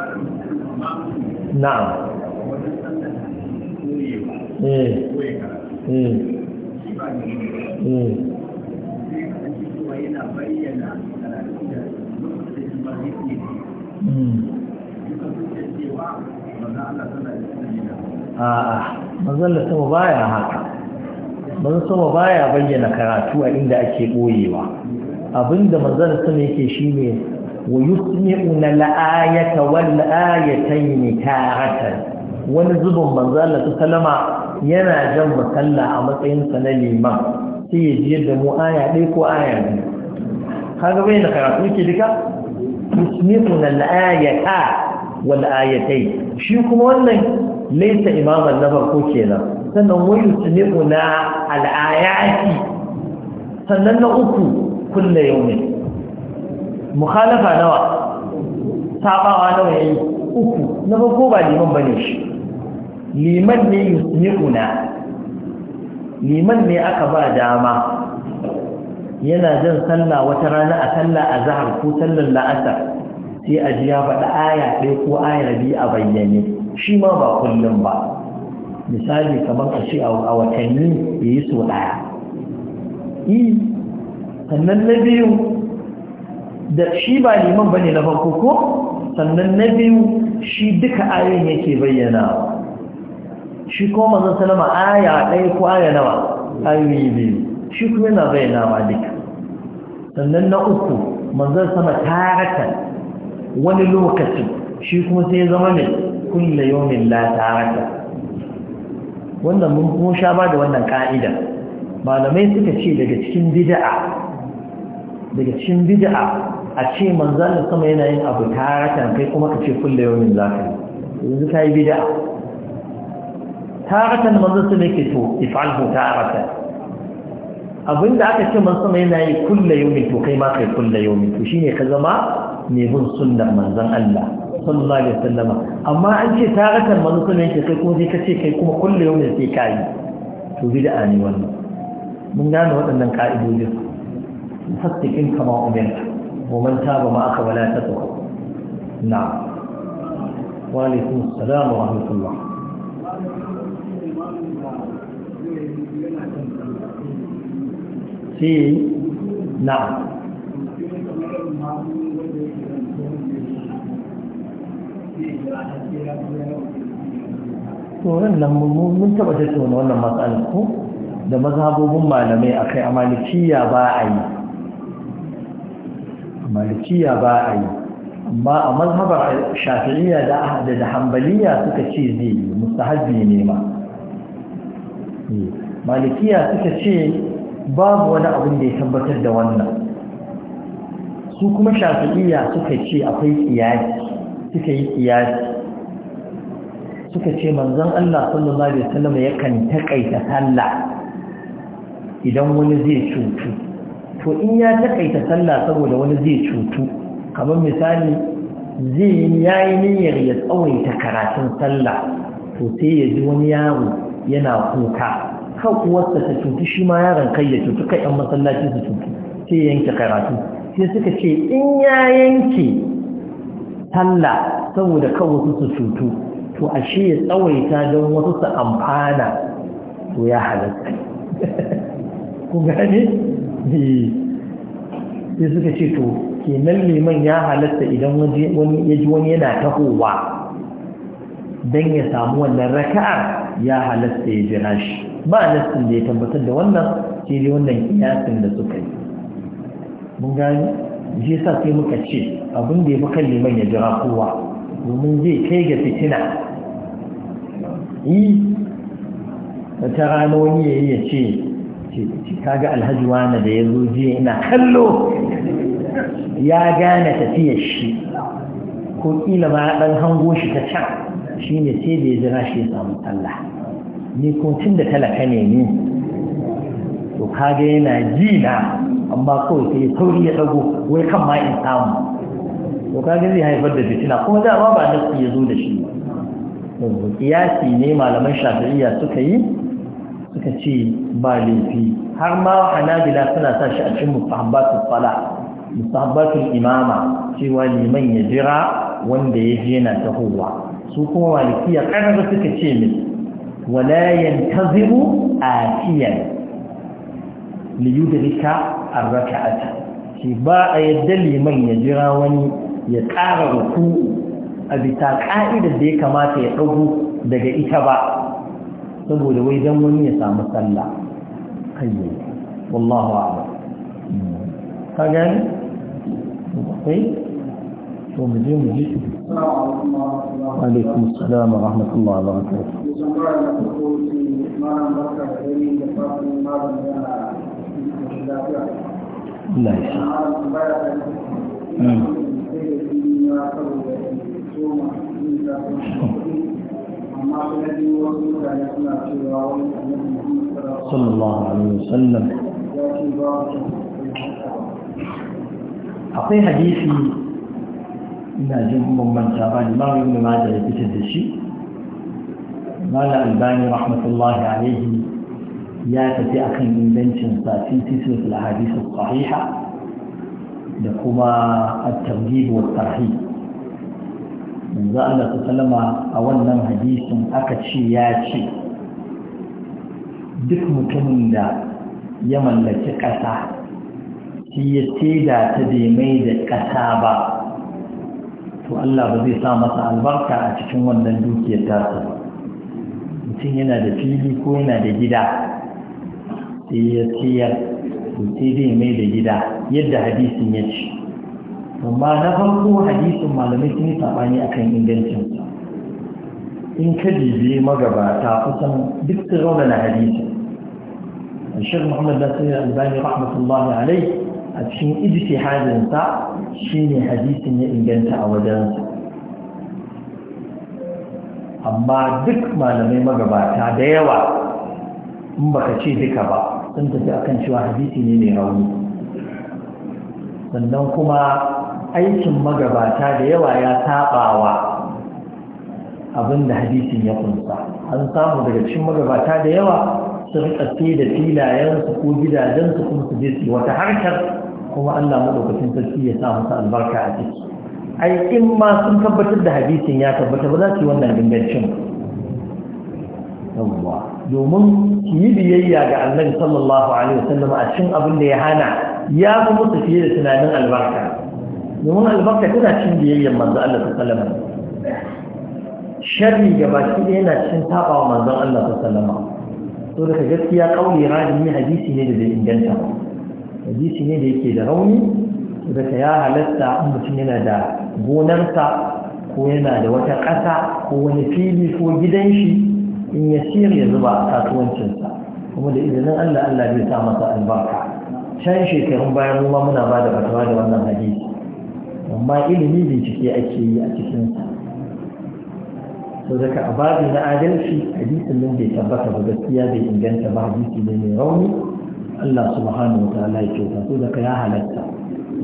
na'am eh eh eh, eh. sama baya haka manzon sama baya bayyana karatu a inda ake boyewa abinda manzon sama yake shine ويسمعون الآية والآيتين تارة ونزب من ذلك سلما ينا جنب سلا عمتين سنة الإمام سيجي يدمو آية ليك وآية هذا وين خيراتون كذلك يسمعون الآية والآيتين شيكم وانا ليس إمام النبر كوكينا سنة ويسمعون الآيات سنة أكو كل يومين mukhalafa nawa sabawa nawa yayi uku na farko ba liman bane shi liman ne yusmi'una liman ne aka ba dama yana jan sallah wata rana a sallah a zahar ko sallar la'asar sai a ji ya faɗi aya ɗaya ko aya biyu a bayyane shi ma ba kullum ba misali kamar a ce a watanni ya yi sau ɗaya sannan na biyu da shi ba liman ne na farko ko sannan na biyu shi duka ayoyin yake bayyana shi ko manzon salama aya ɗaya ko aya nawa ayoyi biyu shi kuma yana bayyana ba duka sannan na uku manzon sama taratan wani lokacin shi kuma sai ya zama ne kulle yomin la taratan wannan mun sha ba da wannan ka'ida malamai suka ce daga cikin bida'a. daga cikin bida'a a ce manzan da sama yana yin abu taratan kai kuma ka ce kulle yau min zaka yanzu ta yi bida taratan manzan sama ke to ifalhu taratan abinda aka ce man sama yana yi kulle yau min to kai ma kai kulle yau min to shine ka zama mai bin sunnar manzan Allah sallallahu alaihi wasallama amma an ce taratan manzan sama yake kai kuma sai ka ce kai kuma kulle yau min sai ka yi to bida ne wannan mun gane waɗannan ka'idojin fasikin kama umarta ومن تاب معك ولا تترك نعم وعليكم السلام ورحمة الله في نعم to wannan mun taba tattauna wannan matsalar ko da mazhabobin malamai akai a ba a yi malikiya ba a yi amma a mazhabar shafi'iyya da da hanbaliya suka ce zai yi mustahabbi ne ma eh, malikiya suka ce babu wani abin da ya tabbatar da wannan su kuma shafi'iyya suka ce akwai kiyasi suka yi kiyasi suka ce manzon Allah sallallahu alaihi wasallam yakan takaita sallah idan wani zai cutu to in ya takaita sallah saboda wani zai cutu kamar misali zai yayi niyyar ya tsawaita karatun sallah to sai ya ji wani yaro yana kuka kan uwarsa ta cutu shi ma yaron kai ya cutu kai yan masallaci su cutu sai yanke karatu sai suka ce in ya yanke sallah saboda kan wasu su cutu to ashe ya tsawaita don wasu su amfana to ya halatta ku gane sai suka ce to kenan liman ya halatta idan wani ya ji wani yana tahowa don ya samu wannan raka'a ya halatta ya jira shi ba nassin da ya tabbatar da wannan shi dai wannan kiyasin da suka yi mun gani shi yasa sai muka ce abin da ya fi kan liman ya jira kowa domin zai kai ga fitina yi ta rana wani ya yi ya ce kaga alhaji da ya zo jiya ina kallo ya gane tafiyar shi ko kila ma ɗan hango shi ta can shine sai da ya jira shi ya samu sallah ni ko tun da talaka ne ni to kaga yana ji na amma kawai sai sauri ya dago wai kan ma in samu to kaga zai haifar da fitina kuma za ba ba ya zo da shi ba kiyasi ne malaman shafi'iyya suka yi suka ce ba laifi har ma hanabila suna sa shi a cikin musahabbatul sala musahabbatul imama cewa liman ya jira wanda ya je yana tahowa su kuma malikiya ƙarfi suka ce min a yantazimu atiyan li yudrika a rakata shi ba a yadda liman ya jira wani ya ƙara ruku a bita ƙa'idar da ya kamata ya ɗago daga ita ba saboda wai dan wani ya samu sallah kai wallahu a'lam ka gani kai to mu je mu ji wa alaikum assalam wa rahmatullahi wa barakatuh Allah ya صلى الله عليه وسلم أقول حديثي إن جمع من سابان ما يمن ما جاء بسد الشيء ما الباني رحمة الله عليه يا تتي أخي من بنشن ساتي تسوة الأحاديث الصحيحة لكما الترغيب والترحيب yanzu Allah ta salama a wannan hadisin aka ce ya ce duk mutumin da ya mallaki ƙasa shi ya teda ta mai da ƙasa ba to Allah ba zai sa masa albarka a cikin wannan dukiyar tasa mutum yana da fili ko yana da gida sai ya ciyar to sai zai mai da gida yadda hadisin ya ce amma na farko hadisin malamai sun yi saɓani a kan in ka dibiye magabata kusan duk da zaune na hadisi shirin muhammad da sai albani rahmatullah alai a cikin ijiki hajjinsa shine hadisin ya inganta a wajensa amma duk malamai magabata da yawa in baka ce duka ba sun tafi akan cewa hadisi ne mai rauni sannan kuma aikin magabata da yawa ya tabawa abinda hadisin ya kunsa an samu daga cikin magabata da yawa su rika da filayensu ko gidajensu kuma su je su wata harkar kuma Allah madaukakin sarki ya sa musu albarka a ciki ai in ma sun tabbatar da hadisin ya tabbata ba za su yi wannan gangancin yawwa domin su yi biyayya ga annabi sallallahu alaihi wasallam a cikin abin da ya hana ya fi musu fiye da tunanin albarka domin albarka tana cin biyayyen manzan Allah ta salama sharri ga baki da yana cin taɓa wa manzon Allah ta salama to daga gaskiya ƙauye rajin hadisi ne da bai inganta ba hadisi ne da yake da rauni daga ya halatta in mutum yana da gonarsa ko yana da wata ƙasa ko wani fili ko gidan shi in ya siyar ya zuba a kasuwancinsa kuma da izinin Allah Allah zai sa masa albarka can shekarun bayan mu muna ba da fatawa da wannan hadisi amma ilimi bincike ake yi a cikin sa sau daga a babi na adalci hadisin nan bai tabbata ba gaskiya bai inganta ba hadisi ne mai rauni Allah subhanahu wa ta'ala ya kyauta sau daga ya halatta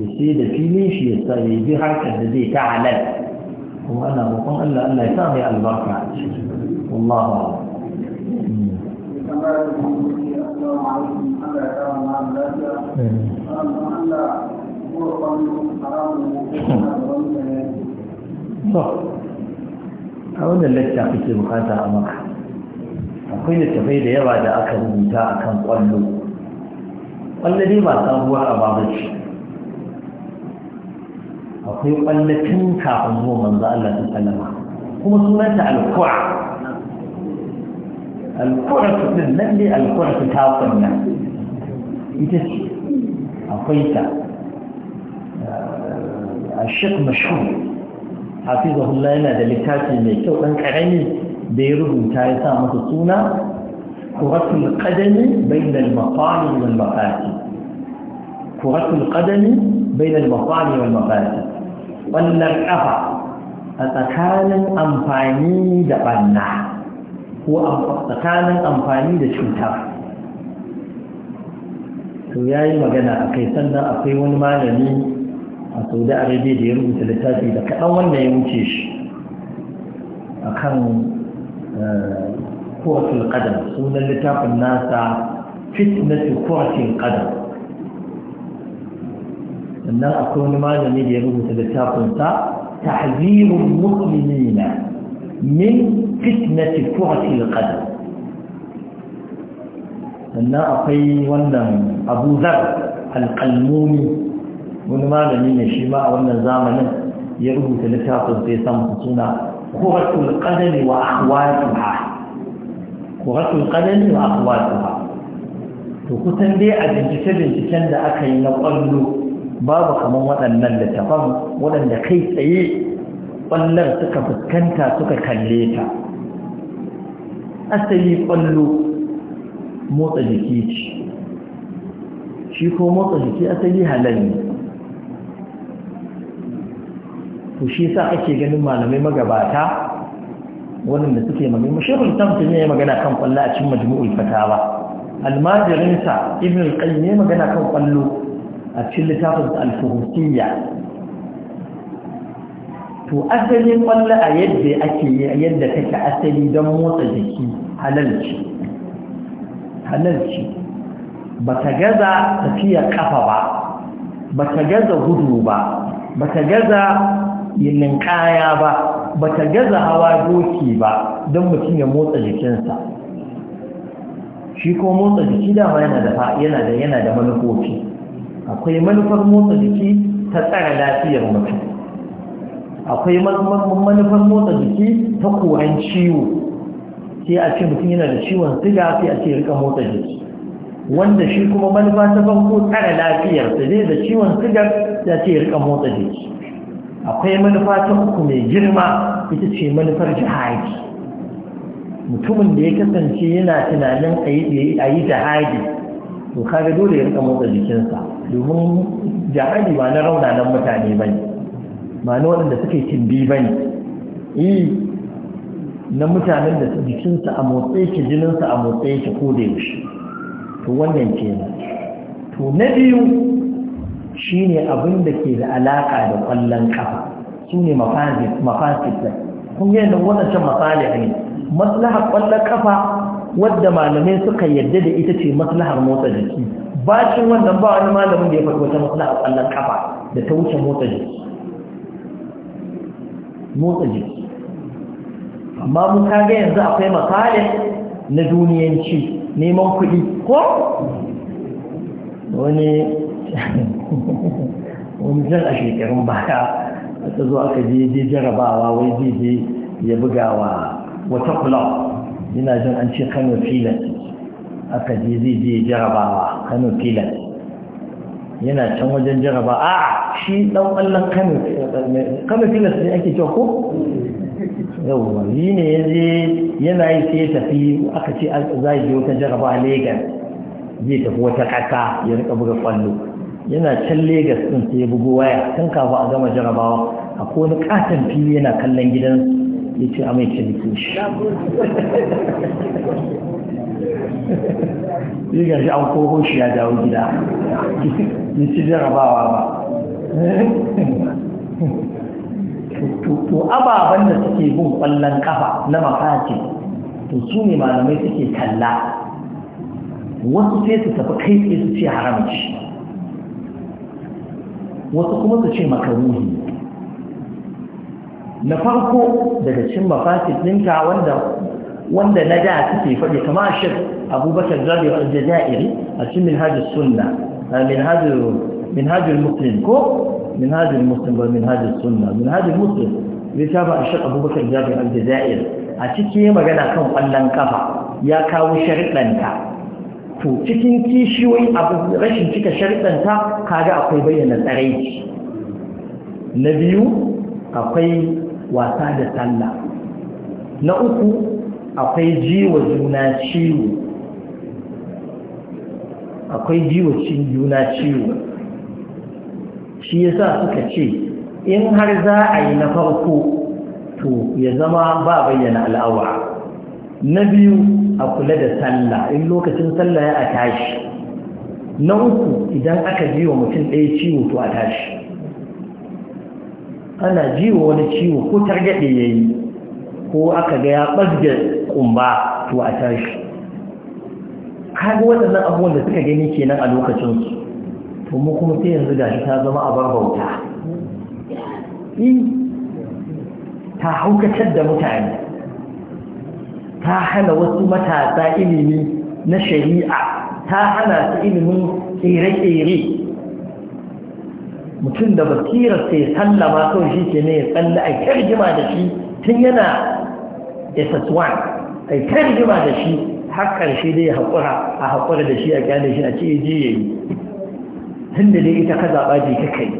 ya ce da filin shi ya sa ya bi harkar da zai ta halal kuma ana roƙon Allah Allah ya sa mai albarka a ciki wallahu a'lam Thank you. a wannan lakta kake bukata a maka akwai da tafai da yawa da aka rubuta a kan kwallo kwallo dai ba sabuwar ababa ce akwai kwallo tun kafin zuwa manzo Allah ta sallama kuma sunanta alkura alkura su ɗin nan ne alkura su ta kunna ita ce akwai ta a shek mashhur hafizahullah yana da littafi mai kyau ɗan ƙarami da ya rubuta ya sa masa suna kuratul qadami bainal maqami wal maqati kuratul qadami bainal maqami wal maqati wannan kafa tsakanin amfani da banna ko tsakanin amfani da cuta to yayi magana akai sannan akwai wani malami a saudi arabia da ya rubuta littafi da kaɗan wanda ya wuce shi a kan eh, kowatul ƙadam sunan littafin nasa fitnatu kowatul ƙadam sannan akwai wani malami da ya rubuta littafinsa tahzirul muslimina min fitnati kowatul ƙadam sannan akwai wannan abu zar alƙalmomi wani malami ne shi ma a wannan zamanin ya rubuta littafin sai san suna kuratul qadami wa ahwatuha kuratul qadami wa ahwatuha to kusan dai a bincike binciken da aka yi na kwallo babu kaman waɗannan littafan waɗanda kai tsaye kwallon suka fuskanta suka kalle ta asali kwallo motsa jiki ce shi ko motsa jiki asali halal ne to shi yasa ake ganin malamai magabata wanda suke magana shekul tamtin ne magana kan kwallo a cikin majmu'ul fatawa almajirinsa ibn al-qayyim ne magana kan kwallo a cikin littafin al-fuhusiyya to asalin kwallo a yadda ake yadda take asali don motsa jiki halalci halalci ba ta gaza tafiya kafa ba ba ta gaza gudu ba ba ta gaza kaya ba ba ta gaza hawa goke ba don mutum ya motsa jikinsa shi ko motsa jiki dama yana da yana da yana da manufofi akwai manufar motsa jiki ta tsara lafiyar mutum akwai manufar motsa jiki ta koran ciwo sai a ce mutum yana da ciwon siga sai a ce rika motsa jiki wanda shi kuma manufa ta farko tsara lafiyar sa zai da ciwon sigar da ce rika motsa jiki akwai manufa ta uku mai girma ita ce manufar jihadi mutumin da ya kasance yana tunanin a yi jihadi to kaga dole ya rika motsa jikinsa domin jihadi ba na raunanan mutane ba ne ba na waɗanda suka yi timbi ba ne e, na mutanen da jikinsa a motsa yake jininsa a motsa yake ko da yaushe to wannan ke. to na biyu Shi ne abin da ke da alaƙa da ƙwallon ƙafa. su ne mafasid kun yi da wadancan masali ne maslahar ƙwallon ƙafa wadda malamai suka yadda da ita ce maslahar motsa jiki bacin wannan ba wani malamin da ya faɗi wata maslahar ƙwallon ƙafa da ta wuce motsa jiki motsa jiki amma mun kaga yanzu akwai masali na duniyanci neman kuɗi ko wani wani zan a shekarun baya ta zo aka je je jarabawa wai je je ya buga wa wata kula yana jin an ce kano filas aka je zai je jarabawa kano filas yana can wajen jaraba a shi dan ƙwallon kano kano filas ne ake cewa ko yawwa yi ne ya je yana yi sai tafi aka ce za a je wata jaraba a legas zai tafi wata ƙasa ya rika buga ƙwallo yana can Legas ɗin sai ya bugu waya tun kafin a gama jarabawa akwai wani katon fili yana kallon gidan ya ce a mai ciniki shi ya gashi an koko shi ya dawo gida ya ci jarabawa ba to ababen da suke bin kwallon kafa na makaci to su ne malamai suke kalla wasu sai su tafi kai sai su ce haramci wasu kuma su ce makaruhi na farko daga cin mafasit ɗinka wanda wanda na da suke faɗi kama shir abubakar zabi a jazairi a cikin minhajin sunna minhajin muslim ko minhajin muslim ba minhajin sunna minhajin muslim zai saba a shir abubakar zabi a jazairi a cikin magana kan ƙwallon kafa ya kawo shariɗanta to cikin kishiyoyi abu rashin cika sharɗanta kaga akwai bayyana tsaraici na biyu akwai wasa da sallah na uku akwai jiwa juna ciwo akwai jiwa juna ciwo shi yasa suka ce in har za a yi na farko to ya zama ba bayyana al'awa na biyu a kula da sallah in lokacin sallah ya a tashi na uku idan aka ji wa mutum ɗaya ciwo to a tashi ana ji wa wani ciwo ko targaɗe ya yi ko aka ga ya ɓasge ƙumba to a tashi kaga waɗannan abubuwan da suka gani kenan a lokacinsu to mu kuma sai yanzu gashi ta zama a bar bauta ta haukatar da mutane ta hana wasu matasa ilimi na shari'a ta hana su ilimin tsere-tsere mutum da basirar sai ma kawai shi ke ne ya tsalle a karjima da shi tun yana ss1 a da shi har ƙarshe dai haƙura a haƙura da shi a ƙyale shi a ce ji ya yi tun da dai ita ka zaɓa ji ka kai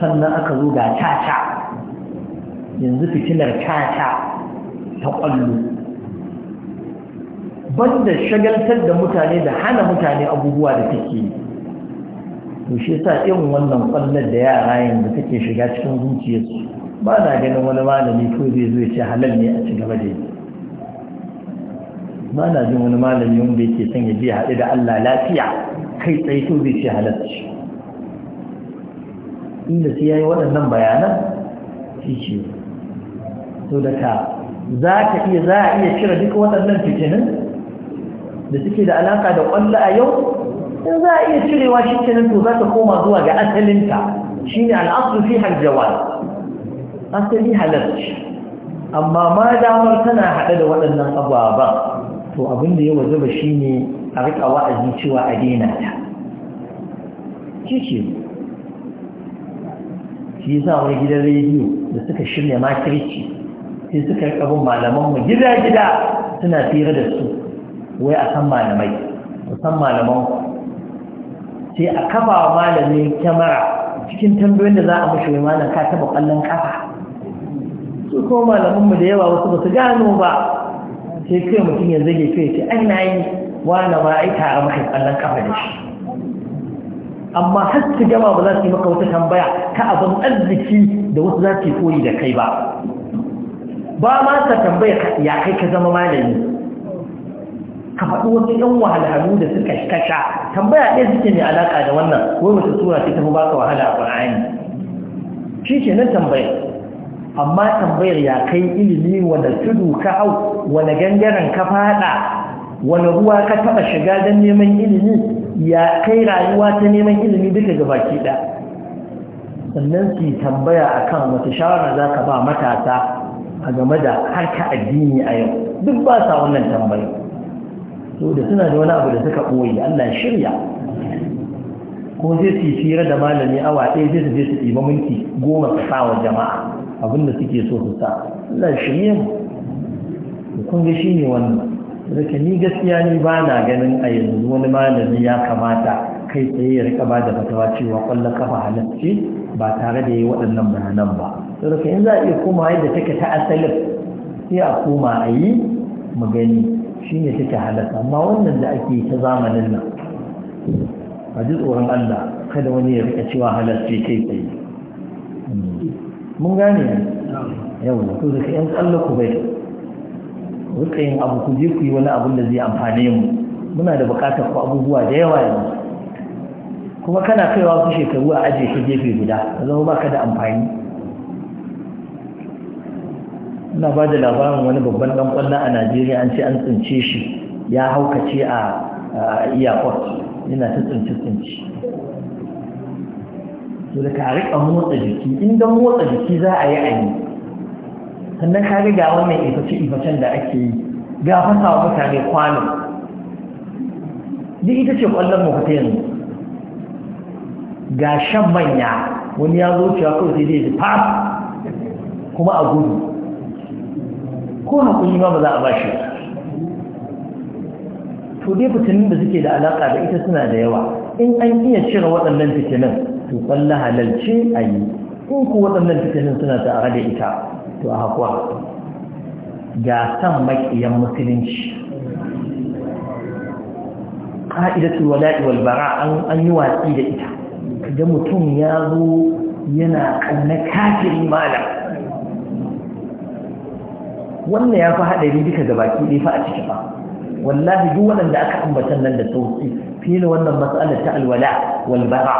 sannan aka zo ga caca yanzu fitilar caca ta ƙwallo da shagaltar da mutane da hana mutane abubuwa da take yi to shi sa irin wannan ƙwallon da yara yanzu take shiga cikin zuciyarsu ba na ganin wani malami ko zai zo ya ce halal ne a ci gaba da yi ba na jin wani malami wanda yake son ya je haɗu da Allah lafiya kai tsaye to zai ce halarci inda sai ya yi waɗannan bayanan shi ce so da ka za ka iya za a iya cire duka waɗannan fitinin da suke da alaƙa da ƙwallo a yau in za a iya cirewa shi kenan to za ka koma zuwa ga asalinta shi ne al'asu fi haljawar asali halarci amma ma damar tana haɗe da waɗannan ababen to abin da ya wajaba shi ne a riƙa wa'azi cewa a daina ta shi ce shi yasa wani gidan rediyo da suka shirya makirci sai suka yi ƙabin malamanmu gida-gida suna fira da su wai a san malamai san malamanku sai a kafa wa malami kyamara cikin tambayoyin da za a mashi wai malam ka taɓa ƙafa su ko malamanmu da yawa wasu ba su gano ba sai kai mutum ya zage kai ce ai na yi wani ma ai tara ƙafa da shi amma har su gama ba za su yi maka wata tambaya ta abin arziki da wasu za su yi koyi da kai ba ba ma ta tambaya ya kai ka zama malami ka faɗi wasu ɗan wahalhalu da suka kasha tambaya ɗaya suke mai alaƙa da wannan wai wata tura ce ta baka wahala a ƙur'ani shi ke nan tambayar amma tambayar ya kai ilimi wanda tudu ka hau wanda gangaren ka fada wanda ruwa ka taba shiga don neman ilimi ya kai rayuwa ta neman ilimi duka ga baki da sannan su tambaya akan wata shawara za ka ba matasa a game da harka addini a yau duk ba sa wannan tambayi to da suna da wani abu da suka koyi. Allah shirya ko zai su fira da malami awa ɗaya zai su je su ɗiba minti goma su sa wa jama'a abin da suke so su sa Allah shirya mu kun ga ne wannan daga ni gaskiya ni ba na ganin a yanzu wani malami ya kamata kai tsaye ya rika ba da fatawa cewa kwallon kafa halarci ba tare da yi waɗannan bayanan ba saboda in za a iya koma yadda take ta asalin sai a koma a yi magani, gani shine take halaka amma wannan da ake ta zamanin nan a ji tsoron Allah kada wani ya rika cewa halarci kai tsaye mun gane yau da ku zaka yan tsalle ku bai rika yin abu ku je ku yi wani abun da zai amfane mu muna da buƙatar ku abubuwa da yawa yanzu kuma kana kaiwa ku shekaru a ajiye ka gefe guda zama baka da amfani na ba da labarin wani babban dan kwallon a najeriya an ce an tsince shi ya haukace a iyakot yana ta tsince tsince to da ka riƙa motsa jiki in don motsa jiki za a yi a yi sannan ka ga wannan iface-ifacen da ake yi ga fasa wa mutane kwano duk ita ce kwallon mu yanzu ga shan manya wani ya zo cewa kawai zai zai kuma a gudu ko hakuri ma ba za a ba shi to dai fitinin da suke da alaƙa da ita suna da yawa in an iya cire waɗannan fitinin to tsalla halalce a yi in ku waɗannan fitinin suna tare da ita to a haƙura ga san maƙiyan musulunci ƙa'idatul wala'i wal bara an yi watsi da ita kaga mutum ya zo yana na kafiri malam wannan ya fi haɗari duka da baki ɗaya fa a ciki ba wallahi duk waɗanda aka ambata nan da sauki fiye wannan matsalar ta alwala wal bara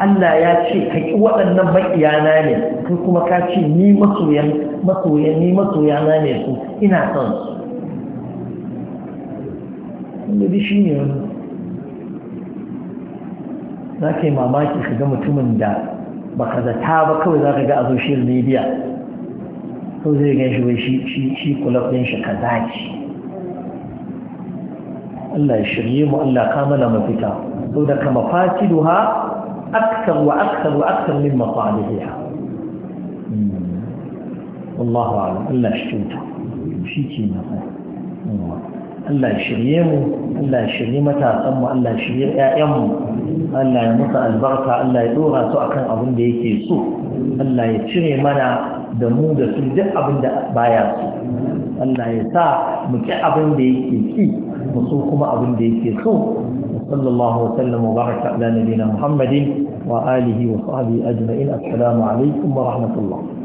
Allah ya ce ka ƙi waɗannan maƙiyana ne kai kuma ka ce ni masoyan masoyan ni masoyana ne su ina son su wanda shi ne wani za ka yi mamaki ka ga mutumin da baka zata ba kawai za ka ga a social media ko zai gan shi shi shi shi kulab din shi kaza ce Allah ya shirye mu Allah ka mana mafita saboda kama fatiduha akthar wa akthar wa akthar min masalihiha hmm. wallahu a'lam Allah shi tunta shi ke nan Allah shirye mu Allah shirye matasan mu Allah shirye ƴaƴan mu Allah ya musa albarka Allah ya dora su akan abin da yake so Allah ya cire mana da mu da su duk abin da baya su Allah ya sa mu ki abin da yake ki mu kuma abin da yake so sallallahu wasallam wa baraka ala nabiyina muhammadin wa alihi wa sahbihi ajma'in assalamu alaikum wa rahmatullah